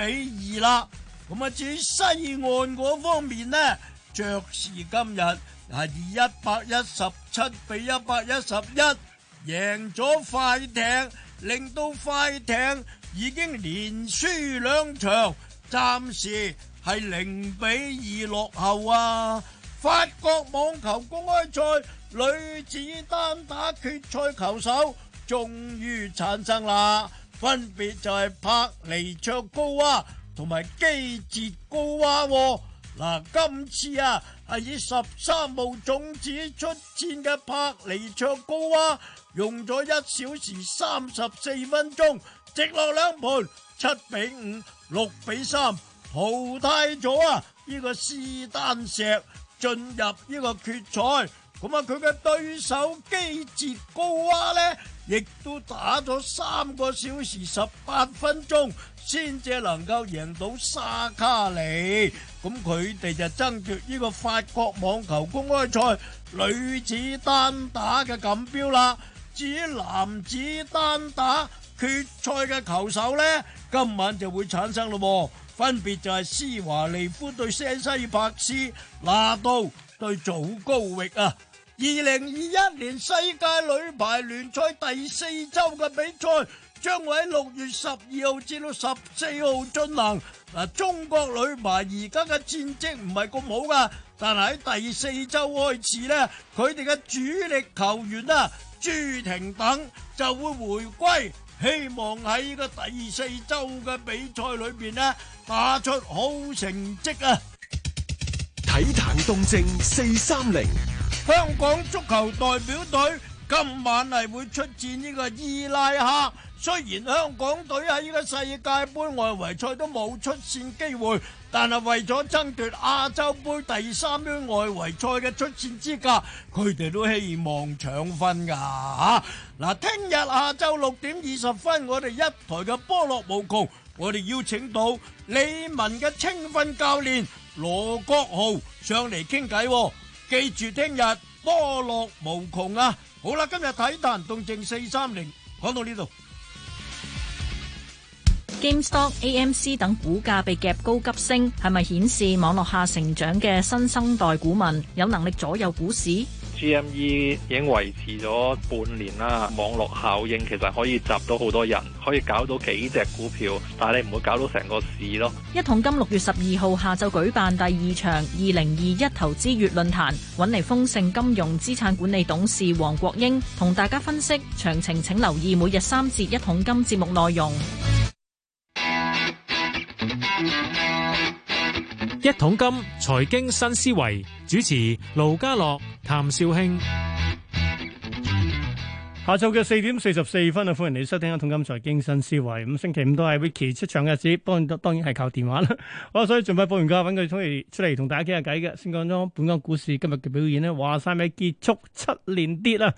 比二啦，咁啊至於西岸嗰方面呢，爵士今日係以一百一十七比一百一十一贏咗快艇，令到快艇已經連輸兩場，暫時係零比二落後啊。法國網球公開賽女子單打決賽球手終於產生啦。分別就係帕尼卓高娃同埋基捷高娃。嗱、啊，今次啊，係以十三號種子出戰嘅帕尼卓高娃，用咗一小時三十四分鐘，直落兩盤七比五、六比三，淘汰咗啊，呢、這個斯丹石進入呢個決賽。咁啊！佢嘅對手基捷高娃呢，亦都打咗三個小時十八分鐘，先至能夠贏到沙卡利。咁佢哋就爭奪呢個法國網球公開賽女子單打嘅錦標啦。至於男子單打決賽嘅球手呢，今晚就會產生咯，分別就係施華尼夫對西西柏斯，拿度對祖高域啊！二零二一年世界女排聯賽第四周嘅比賽將會喺六月十二號至到十四號進行。嗱，中國女排而家嘅戰績唔係咁好噶，但係喺第四周開始呢佢哋嘅主力球員啊朱婷等就會回歸，希望喺個第四周嘅比賽裏邊咧打出好成績啊！體壇動靜四三零。香港足球代表隊今晚係會出戰呢個伊拉克。雖然香港隊喺呢個世界杯外圍賽都冇出線機會，但係為咗爭奪亞洲杯第三圈外圍賽嘅出線資格，佢哋都希望搶分噶。嗱，聽日下晝六點二十分，我哋一台嘅波樂無窮，我哋邀請到李文嘅青訓教練羅國豪上嚟傾偈喎。記住聽日多樂無窮啊！好啦，今日體壇動靜四三零，講到呢度。GameStop、AMC 等股價被夾高急升，係咪顯示網絡下成長嘅新生代股民有能力左右股市？GME 已經維持咗半年啦，網絡效應其實可以集到好多人，可以搞到幾隻股票，但係你唔會搞到成個市咯。一桶金六月十二號下晝舉辦第二場二零二一投資月論壇，搵嚟豐盛金融資產管理董事黃國英同大家分析詳情。請留意每日三節一桶金節目內容。一桶金財經新思維主持盧家樂。譚紹興，下晝嘅四點四十四分啊，歡迎你收聽《一桶金財經新思維》。咁星期五都係 Vicky 出場嘅日子，當然當然係靠電話啦。好，所以盡快報完價，揾佢出嚟出嚟同大家傾下偈嘅。先講咗本港股市今日嘅表現咧，話晒咩？結束七年跌啦，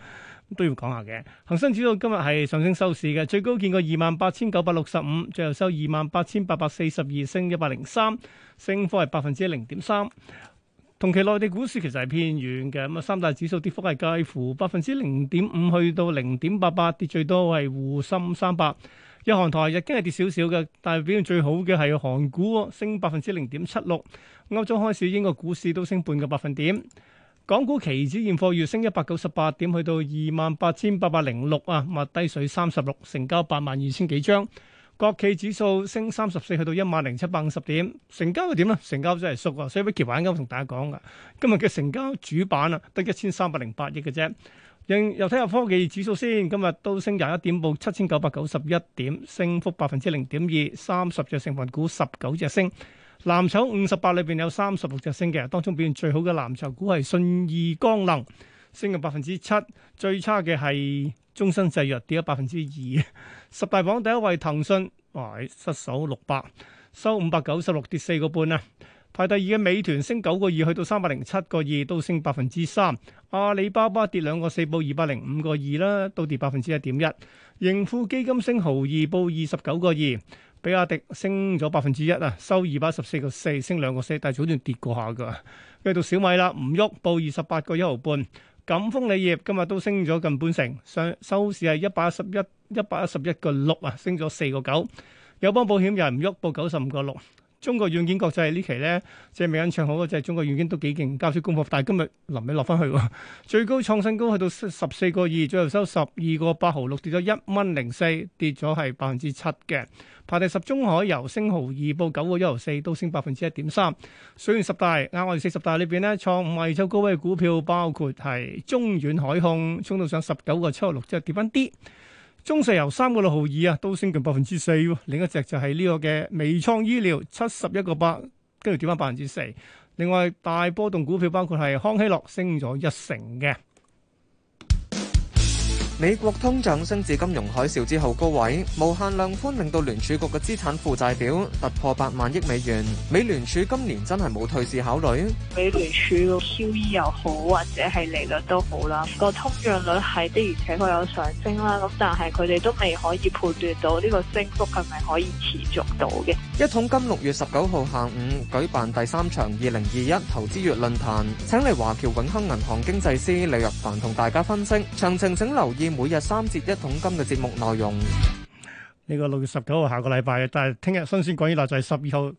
都要講下嘅。恒生指數今日係上升收市嘅，最高見過二萬八千九百六十五，最後收二萬八千八百四十二，升一百零三，升幅係百分之零點三。同期內地股市其實係偏軟嘅咁啊，三大指數跌幅係介乎百分之零點五去到零點八八，跌最多係滬深三百。日韓台日經係跌少少嘅，但係表現最好嘅係韓股升百分之零點七六。歐洲開市英國股市都升半個百分點。港股期指現貨月升一百九十八點，去到二萬八千八百零六啊，麥低水三十六，成交八萬二千幾張。國企指數升三十四，去到一萬零七百五十點，成交又點咧？成交真係縮啊！所以 Vicky 話緊，我同大家講噶，今日嘅成交主板啊得一千三百零八億嘅啫。又又睇下科技指數先，今日都升廿一點，報七千九百九十一點，升幅百分之零點二，三十隻成分股十九隻升，藍籌五十八裏邊有三十六隻升嘅，當中表現最好嘅藍籌股係信義光能。升咗百分之七，最差嘅係終身製藥跌咗百分之二。 十大榜第一位騰訊，哇，失手六百，收五百九十六，跌四個半啊。排第二嘅美團升九個二，去到三百零七個二，都升百分之三。阿里巴巴跌兩個四，報二百零五個二啦，都跌百分之一點一。盈富基金升毫二，報二十九個二。比亞迪升咗百分之一啊，收二百一十四個四，升兩個四，但係早段跌過下噶。跟住到小米啦，唔喐，報二十八個一毫半。錦豐鋰業今日都升咗近半成，上收市係一百一十一一百一十一個六啊，升咗四個九。友邦保險又係唔喐，報九十五個六。中國軟件國際呢期咧，即係美銀唱好，即係中國軟件都幾勁，交出功課。但係今日臨尾落翻去，最高創新高去到十四個二，最後收十二個八毫六，跌咗一蚊零四，跌咗係百分之七嘅。排第十中海油升毫二，報九個一毫四，都升百分之一點三。水源十大，啱外四十大裏邊咧，創五十二周高位嘅股票包括係中遠海控，衝到上十九個七毫六，即係跌翻啲。中石油三個六毫二啊，都升近百分之四；另一隻就係呢個嘅微創醫療七十一個八，8，跟住跌返百分之四。另外大波動股票包括係康希諾升咗一成嘅。美國通脹升至金融海嘯之後高位，無限量寬令到聯儲局嘅資產負債表突破八萬億美元。美聯儲今年真係冇退市考慮？美聯儲嘅 QE 又好，或者係利率都好啦，個通脹率係的而且確有上升啦。咁但係佢哋都未可以判斷到呢個升幅係咪可以持續到嘅。一桶金六月十九號下午舉辦第三場二零二一投資月論壇，請嚟華僑永亨銀行經濟師李玉凡同大家分析。詳情請留意。每日三節一桶金嘅節目內容，呢個六月十九號下個禮拜但係聽日新鮮講嘢啦，就係十二號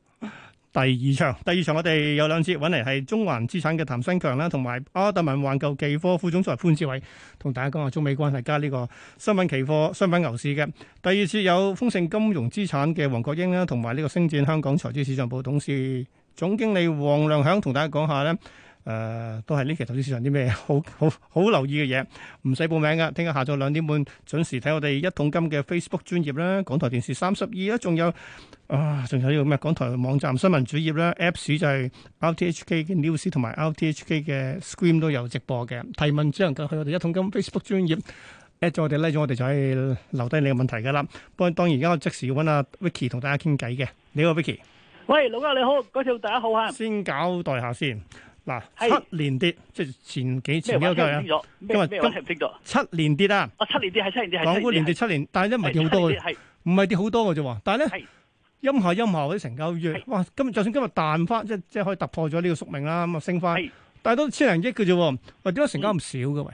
第二場。第二場我哋有兩節，揾嚟係中環資產嘅譚新強啦，同埋阿達民環球期貨副總裁潘志偉同大家講下中美關係加呢個商品期貨、商品牛市嘅。第二次有豐盛金融資產嘅黃國英啦，同埋呢個星展香港財資市場部董事總經理黃亮響同大家講下呢。誒，都係呢期投資市場啲咩好好好留意嘅嘢，唔使報名噶。聽日下晝兩點半準時睇我哋一桶金嘅 Facebook 專業啦，港台電視三十二啦，仲有啊，仲有呢個咩，港台網站新聞主頁啦，Apps 就係 RTHK 嘅 News 同埋 RTHK 嘅 Screen 都有直播嘅。提問只能夠去我哋一桶金 Facebook 專業 at 咗我哋，拉咗我哋就可以留低你嘅問題噶啦。不過當然而家我即時要揾阿 Vicky 同大家傾偈嘅，你好 Vicky。喂，老哥你好，嗰條大家好嚇。先交代下先。嗱，七年跌，即係前幾前幾日啊，今日真係跌咗？七年跌啊，啊七年跌係七年跌係，港股跌七年，但係咧唔係跌好多嘅，唔係跌好多嘅啫。但係咧，陰下陰下嗰啲成交月，哇，今就算今日彈翻，即係即係可以突破咗呢個宿命啦，咁啊升翻，但係都千零億嘅啫。喂，點解成交咁少嘅喂？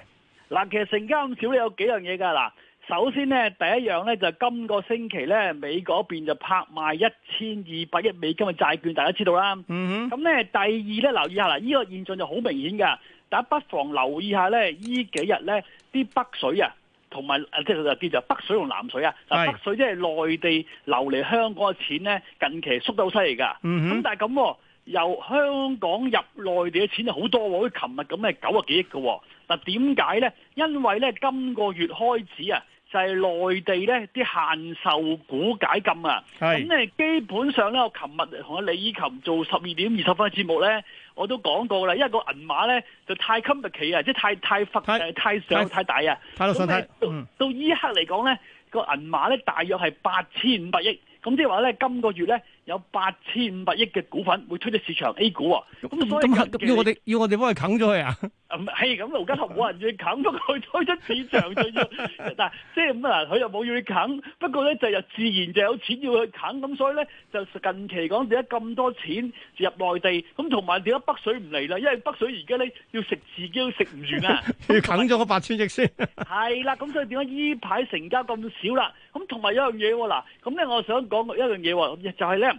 嗱，其實成交咁少咧，有幾樣嘢噶嗱。首先咧，第一樣咧就今、是、個星期咧，美國嗰邊就拍賣一千二百億美金嘅債券，大家知道啦。嗯哼。咁咧第二咧，留意下啦，呢、這個現象就好明顯㗎，大家不妨留意下咧，幾呢幾日咧啲北水啊，同、啊、埋即係就叫做北水同南水啊，是北水即係內地流嚟香港嘅錢咧，近期縮到犀利㗎。咁、嗯、哼但係咁、啊，由香港入內地嘅錢好多、啊，好似琴日咁嘅九啊幾億嘅。嗱點解咧？因為咧今個月開始啊。就係內地咧啲限售股解禁啊！咁咧是基本上咧，我琴日同阿李依琴做十二點二十分嘅節目咧，我都講過啦，因為個銀碼咧就太襟得企啊，即係太太忽誒太上太大啊！咁到到依刻嚟講咧，個銀碼咧大約係八千五百億，咁即係話咧今個月咧。有八千五百億嘅股份會推出市場 A 股那啊。咁所以要我哋要我哋幫佢啃咗佢啊？唔係咁，盧家豪冇人要你啃，咗佢 推出市場就要，嗱即係咁啊，佢又冇要你啃，不過咧就又自然就有錢要去啃，咁所以咧就近期講點解咁多錢入內地，咁同埋點解北水唔嚟啦？因為北水而家咧要食自己都食唔完啊！ 就是、要啃咗嗰八千億先。係 啦，咁所以點解呢排成交咁少啦？咁同埋一樣嘢喎嗱，咁咧我想講一樣嘢喎，就係、是、咧。就是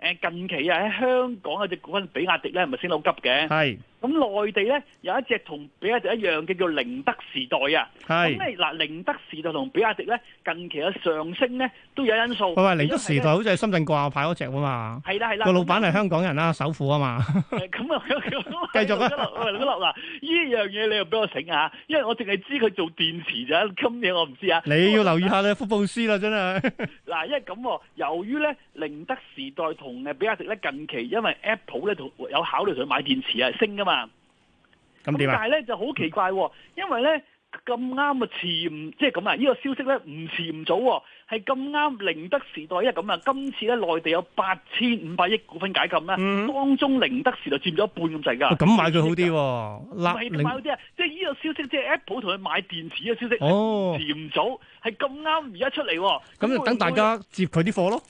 誒近期啊，喺香港有隻股份比亞迪咧，係咪升得好急嘅？係。咁內地咧有一隻同比亞迪一樣嘅叫寧德時代啊。係。咁咧嗱，寧德時代同比亞迪咧近期嘅上升咧都有因素。喂喂，寧德時代好似喺深圳掛牌嗰隻啊嘛。係啦係啦。個老闆係香港人啦，首富啊嘛。誒咁啊，繼續啦。喂，李德立嗱，呢樣嘢你又俾我醒下，因為我淨係知佢做電池咋，咁嘢我唔知啊。你要留意下你福布斯啦，真係。嗱，因為咁，由於咧寧德時代同比亞迪咧，近期因為 Apple 咧有考慮同佢買電池啊，升噶嘛。咁點啊？但係咧就好奇怪，因為咧咁啱啊，遲唔即係咁啊？呢個消息咧唔遲唔早，係咁啱寧德時代，因為咁啊，今次咧內地有八千五百億股份解禁咧，當中寧德時代佔咗一半咁滯噶。咁買佢好啲，嗱，買好啲啊！即係呢個消息，即係 Apple 同佢買電池嘅消息，遲唔早係咁啱而家出嚟，咁就等大家接佢啲貨咯。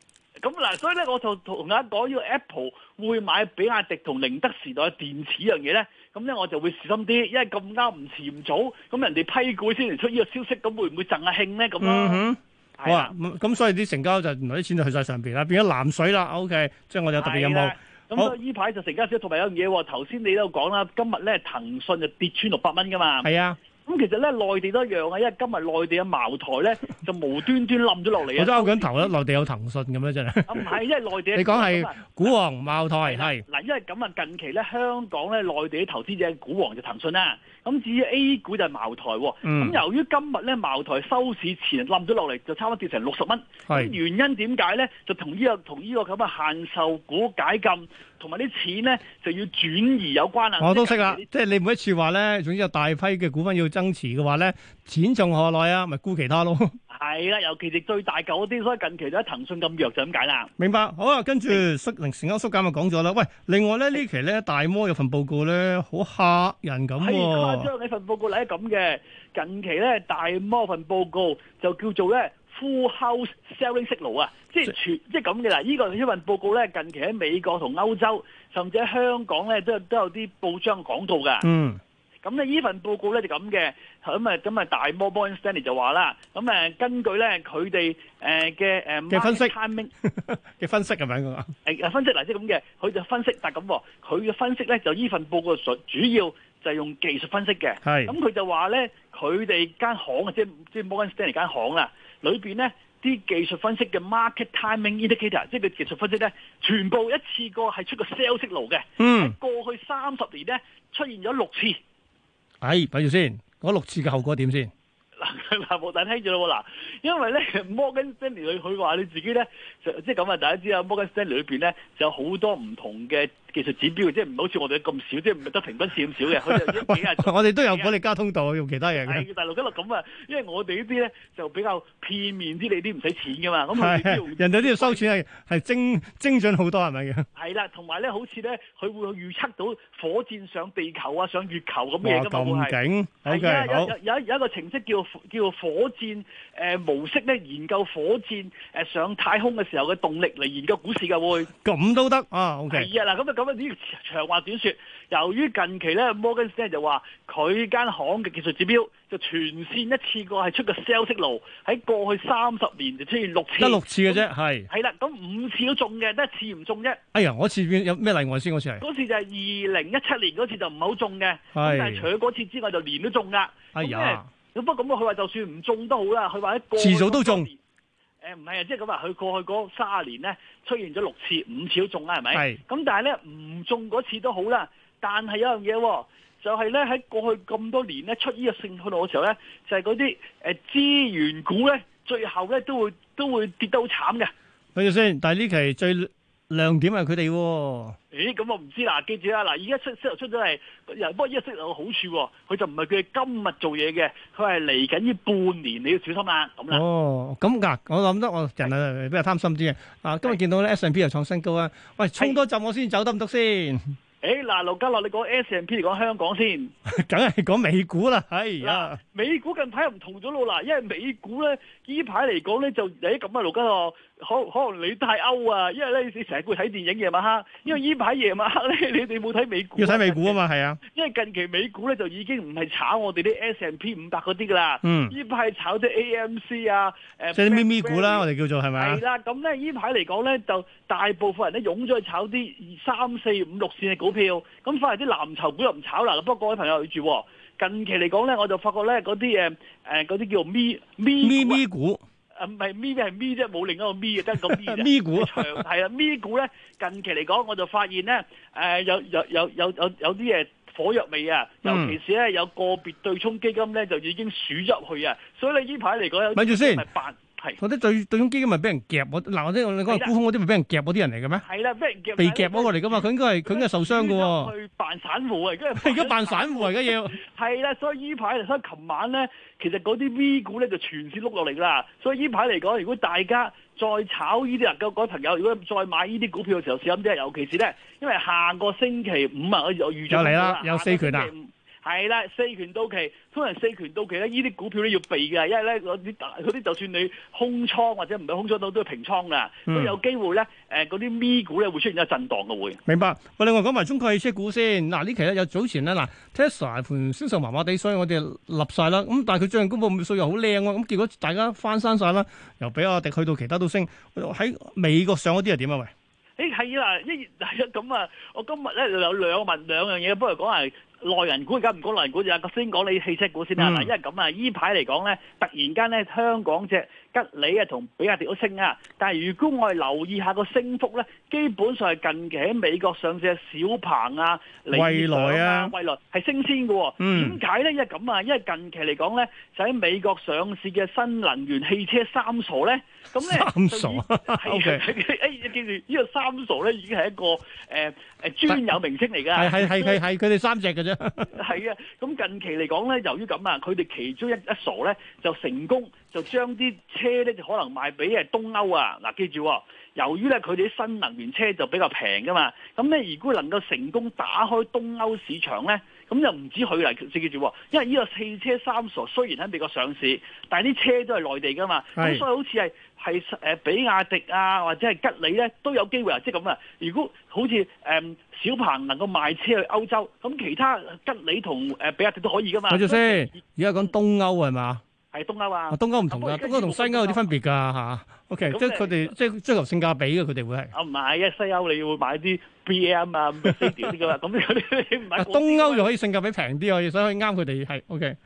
咁嗱，所以咧我就同大家講，呢個 Apple 會買比亞迪同寧德時代電池樣嘢咧，咁咧我就會小心啲，因為咁啱唔遲唔早，咁人哋批股先嚟出呢個消息，咁會唔會贈阿慶咧咁咯？係啊，咁所以啲成交就原來啲錢就去晒上邊啦，變咗藍水啦。O K，即係我哋有特別任務。咁所以呢排就成交少，同埋有樣嘢，頭先你都有講啦，今日咧騰訊就跌穿六百蚊噶嘛。係啊。咁、嗯、其實咧，內地都一樣啊！因為今日內地嘅茅台咧，就無端端冧咗落嚟啊！我都拗緊頭啦，內地有騰訊咁樣，真係。唔係，因為內地你講係股王茅台係。嗱，因為咁啊，近期咧香港咧內地啲投資者股王就騰訊啦、啊。咁至於 A 股就係茅台，咁、嗯、由於今日咧茅台收市前冧咗落嚟，就差唔多跌成六十蚊。咁是原因點解咧？就同呢個同呢個咁嘅限售股解禁同埋啲錢咧，就要轉移有關啊！我都識啦，即係你每一次話咧，總之有大批嘅股份要增持嘅話咧，錢從何來啊？咪沽其他咯。 係啦，尤其是最大舊嗰啲，所以近期都係騰訊咁弱就咁解啦。明白，好啊，跟住舒零時間，舒監咪講咗啦。喂，另外咧呢期咧大摩有份報告咧好嚇人咁喎。係誇張，呢份報告嚟緊嘅近期咧大摩份報告就叫做咧 Full House Selling Signal 啊，即係全即係咁嘅啦。呢個呢份報告咧近期喺美國同歐洲，甚至喺香港咧都都有啲報章講到㗎。嗯。咁咧，呢份報告咧就咁嘅，咁啊，咁啊，大摩摩根士丹利就話啦，咁誒，根據咧佢哋誒嘅誒 market timing 嘅分析係咪啊？誒 分析嗱，即係咁嘅，佢就分析，但係咁，佢嘅分析咧就呢份報告主主要就係用技術分析嘅，係是。咁佢就話咧，佢哋間行啊，即係即係摩根士丹利間行啦，裏邊咧啲技術分析嘅 market timing indicator，即係個技術分析咧，全部一次過係出個 sales 路嘅，嗯，過去三十年咧出現咗六次。哎，睇住先，嗰六次嘅效果點先？嗱冇大聽住咯喎，嗱，因為咧摩根 Stanley 佢佢話你自己咧就即係咁啊！大家知啊，摩根 Stanley 裏邊咧就有好多唔同嘅技術指標，即係唔好似我哋咁少，即係唔係得平均線咁少嘅。佢 我哋都有管理加通道用其他嘢嘅、哎。大陸嗰度咁啊，因為我哋呢啲咧就比較片面啲，你啲唔使錢嘅嘛。咁人哋啲要收錢係係精精準多係係好多係咪？係啦，同埋咧好似咧，佢會預測到火箭上地球啊、上月球咁嘅嘢嘅嘛，係啊、嗯，有有一有個程式叫，叫做火箭誒、呃、模式咧，研究火箭誒、呃、上太空嘅時候嘅動力嚟研究股市嘅會咁都得啊？O K 啊，嗱、okay. 咁就咁啊。呢長話短說，由於近期咧，摩根士丹利就話佢間行嘅技術指標就全線一次過係出個 sell signal 喺過去三十年就出現六次得六次嘅啫，係係啦，咁五次都中嘅，得一次唔中啫。哎呀，嗰次有咩例外先？嗰次係嗰次就係二零一七年嗰次就唔好中嘅，咁的但係除咗嗰次之外就年都中噶。咁咩？哎咁不過咁啊？佢話就算唔中都好啦。佢話喺過去遲早都中。誒、欸，唔係啊，即係咁話，佢過去嗰卅年咧，出現咗六次五次都中啦，係咪？咁是但係咧唔中嗰次都好啦。但係有樣嘢，就係咧喺過去咁多年咧出呢個性去路嘅時候咧，就係嗰啲誒資源股咧，最後咧都會都會跌得好慘嘅。睇住先，但係呢期最。亮點係佢哋，咦？咁我唔知啦。記住啦，嗱，依家出息油出咗係，不過呢個息油好處，佢就唔係佢今日做嘢嘅，佢係嚟緊呢半年你要小心啦，咁啦。哦，咁噶，我諗得我人啊比較貪心啲嘅，啊，今日見到咧 S&P 又創新高啊，喂，衝多浸我先走得唔得先？誒，嗱，盧家樂，你講 S&P 嚟講香港先，梗係講美股啦，係啊，美股近排又唔同咗咯，嗱，因為美股咧依排嚟講咧就嚟啲咁啊，盧家樂。可可能你太歐啊，因為咧你成日會睇電影夜晚黑，因為呢排夜晚黑咧你哋冇睇美股，要睇美股啊美股嘛，係啊，因為近期美股咧就已經唔係炒我哋啲 S&P 五百嗰啲噶啦，嗯，呢排炒啲 AMC 啊，誒，即係咪咪股啦，我哋叫做係咪啊？係啦，咁咧呢排嚟講咧就大部分人咧湧咗去炒啲三四五六線嘅股票，咁反而啲藍籌股又唔炒啦。不過各位朋友要注意，近期嚟講咧我就發覺咧嗰啲誒誒嗰啲叫做咪咪、啊、咪咪股。唔係、啊、咪？係咪啫？冇另一個咪，得咁。咪咪股長係啊，咪股咧近期嚟講，我就發現咧，誒、呃、有有有有有有啲嘢火藥味啊，尤其是咧有個別對沖基金咧就已經鼠入去啊，所以你依排嚟講，諗住先。係嗰啲最對沖基金咪俾人夾我嗱的或者你講沽空嗰啲咪俾人夾嗰啲人嚟嘅咩？係啦，俾人夾被夾嗰、嗰個嚟噶嘛？佢為應該係佢應該受傷噶喎。去扮散戶啊！而家扮散戶而家要係啦， 所以呢排所以琴晚咧，其實嗰啲 V 股咧就全線碌落嚟啦。所以呢排嚟講，如果大家再炒呢啲能夠嗰啲朋友，如果再買呢啲股票嘅時候，試諗啲，尤其是咧，因為下個星期五啊，我預咗又嚟啦，有四權啊！係啦，四權到期，通常四權到期咧，呢啲股票都要避嘅，因為咧嗰啲啲就算你空倉或者唔係空倉都都要平倉啦。佢、嗯、有機會咧，誒嗰啲咪股咧會出現一震盪嘅會。明白。我另外講埋中國汽車股先。嗱、啊、呢期咧有早前咧嗱，Tesla 盤銷售麻麻地，所以我哋立晒啦。咁但係佢最近公布嘅數又好靚啊。咁結果大家翻身晒啦，由比亞迪去到其他都升。喺美國上嗰啲係點啊？喂，誒係啦，一係咁啊，我今日咧有兩問兩,兩樣嘢，不如講係。內人股，而家唔講內人股，就係先講你汽車股先啦。嗱、嗯，因為咁啊，呢排嚟講咧，突然間咧，香港隻，吉利啊，同比亞迪都升啊，但係如果我哋留意下個升幅咧，基本上係近期喺美國上市嘅小鵬啊、蔚來啊，蔚來係升先嘅，點解咧？因為咁啊，因為近期嚟講咧，就喺、是、美國上市嘅新能源汽車三傻咧，咁咧 想三傻係誒叫做呢個三傻咧，已經係一個誒誒、呃、專有名稱嚟㗎，係係係係佢哋三隻㗎啫。係 啊，咁近期嚟講咧，由於咁啊，佢哋其中一一傻咧就成功就將啲。車咧就可能賣俾誒東歐啊，嗱記住，由於咧佢哋啲新能源車就比較平噶嘛，咁咧如果能夠成功打開東歐市場咧，咁又唔止佢嚟，記住，因為呢個汽車三傻雖然喺美國上市，但係啲車都係內地噶嘛，咁是所以好似係係誒比亞迪啊或者係吉利咧都有機會啊，即係咁啊，如果好似誒、嗯、小鵬能夠賣車去歐洲，咁其他吉利同誒比亞迪都可以噶嘛。咪住先？而家講東歐係嘛？係東歐啊！東歐唔同噶，東歐同、啊、西歐有啲分別噶吓，O K，即係佢哋即係追求性價比嘅，佢哋會係。啊唔係啊，西歐你要買啲 B M 啊，唔係啲咁啊，咁嗰啲你唔買。東歐就可以性價比平啲啊，所以可以啱佢哋係 O K。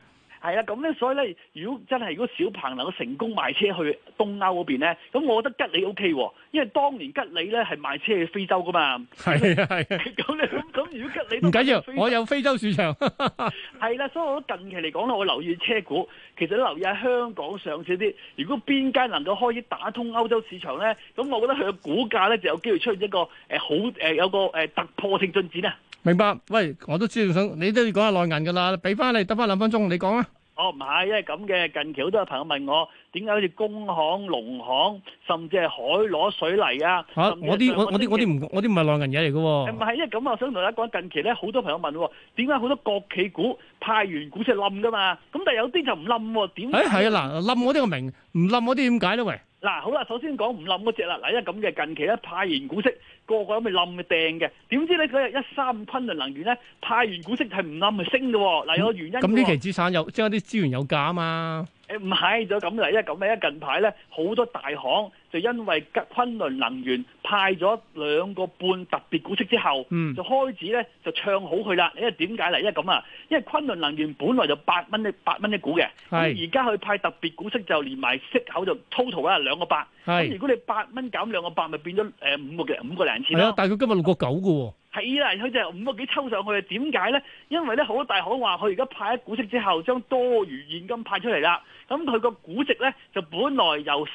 係啦，咁咧、啊，所以咧，如果真係，如果小鵬能夠成功賣車去東歐嗰邊咧，咁我覺得吉利 O K 喎，因為當年吉利咧係賣車去非洲㗎嘛。係啊，係啊。咁你樣，咁、啊、如果吉利都唔緊要，我有非洲市場。係 啦、啊，所以我近期嚟講咧，我留意車股，其實留意喺香港上市啲。如果邊間能夠開始打通歐洲市場咧，咁我覺得佢嘅股價咧就有機會出現一個誒、呃、好誒、呃、有個誒突破性進展啊。明白，喂，我都知道，我想你都要講下內銀㗎啦，俾翻你得翻兩分鐘，你講啊。哦，唔係，因為咁嘅近期好多朋友問我，點解好似工行、農行，甚至係海螺水泥啊？嚇、啊！我啲我啲我啲唔我啲唔係浪銀嘢嚟嘅喎。唔係，因為咁啊，我想同大家講，近期咧好多朋友問喎，點解好多國企股派完股息冧㗎嘛？咁但係有啲就唔冧喎，點？誒係啊嗱，冧嗰啲我明，唔冧嗰啲點解咧？喂？嗱，好啦，首先講唔冧嗰隻啦。嗱，因為咁嘅近期咧，派完股息個,個個都未冧掟嘅。點知咧嗰日一三昆侖能源咧派完股息係唔冧，咪升嘅。嗱，有個原因。咁呢、嗯、期資產有即係啲資源有價啊嘛。誒唔係就咁嚟咧，咁咩咧？近排咧好多大行。就因為昆侖能源派咗兩個半特別股息之後，嗯，就開始呢就唱好佢喇。點解呢？因為咁呀，因為昆侖能源本來就八蚊一，八蚊一股嘅，而家佢派特別股息，就連埋息口就 total 係兩個八。咁如果你八蚊減兩個八咪變咗五個零、五個零、五個零錢啦，但係佢今日六個九㗎喎。係啦，佢就係五個幾抽上去。點解呢？因為呢，好多大行話佢而家派咗股息之後，將多餘現金派出嚟喇。噉佢個估值呢，就本來由十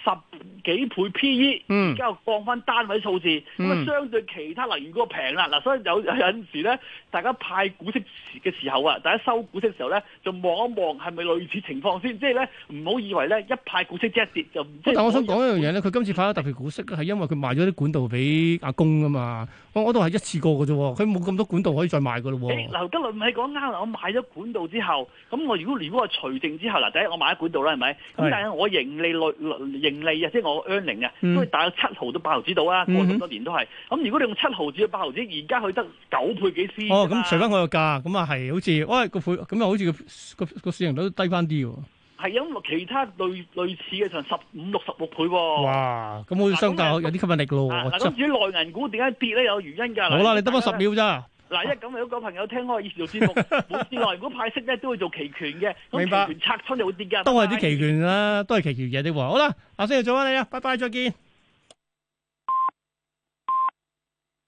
幾倍。P.E. 而家又放翻單位數字，咁啊、嗯、相對其他能源嗰個平啦，嗱，所以有有陣時咧，大家派股息嘅時候啊，大家收股息嘅時候咧，就望一望係咪類似情況先，即係咧唔好以為咧一派股息一但 即一跌就。即係，但我想講一樣嘢咧，佢今次發咗特別股息咧，係因為佢賣咗啲管道俾阿公啊嘛，我我都係一次過嘅啫，佢冇咁多管道可以再賣嘅咯。誒、欸，劉德龍咪講啱啦，我賣咗管道之後，咁我如果如果我除淨之後，嗱，第一我賣咗管道啦，係咪？咁但係我盈利盈利啊，即係我嘅，都係打七毫到八毫紙到啊！過咁多年都係，咁如果你用七毫紙到八毫紙，而家佢得九倍幾先哦。咁除翻佢個價，咁啊係好似，喂個倍，咁啊好似個個市盈率低翻啲喎。係啊其他類類似嘅就十五六十六倍喎。哇！咁好似相較有啲吸引力咯。咁至於內銀股點解跌呢？有原因㗎。好啦，你得翻十秒咋。嗱，啊、一咁咪如果朋友聽開以前做節目，本資來如果派息咧，都會做期權嘅，期權拆穿就會跌㗎，明白，都係啲期權啦，都係期權嘢啲喎。好啦，下星期再返嚟啦，拜拜，再見。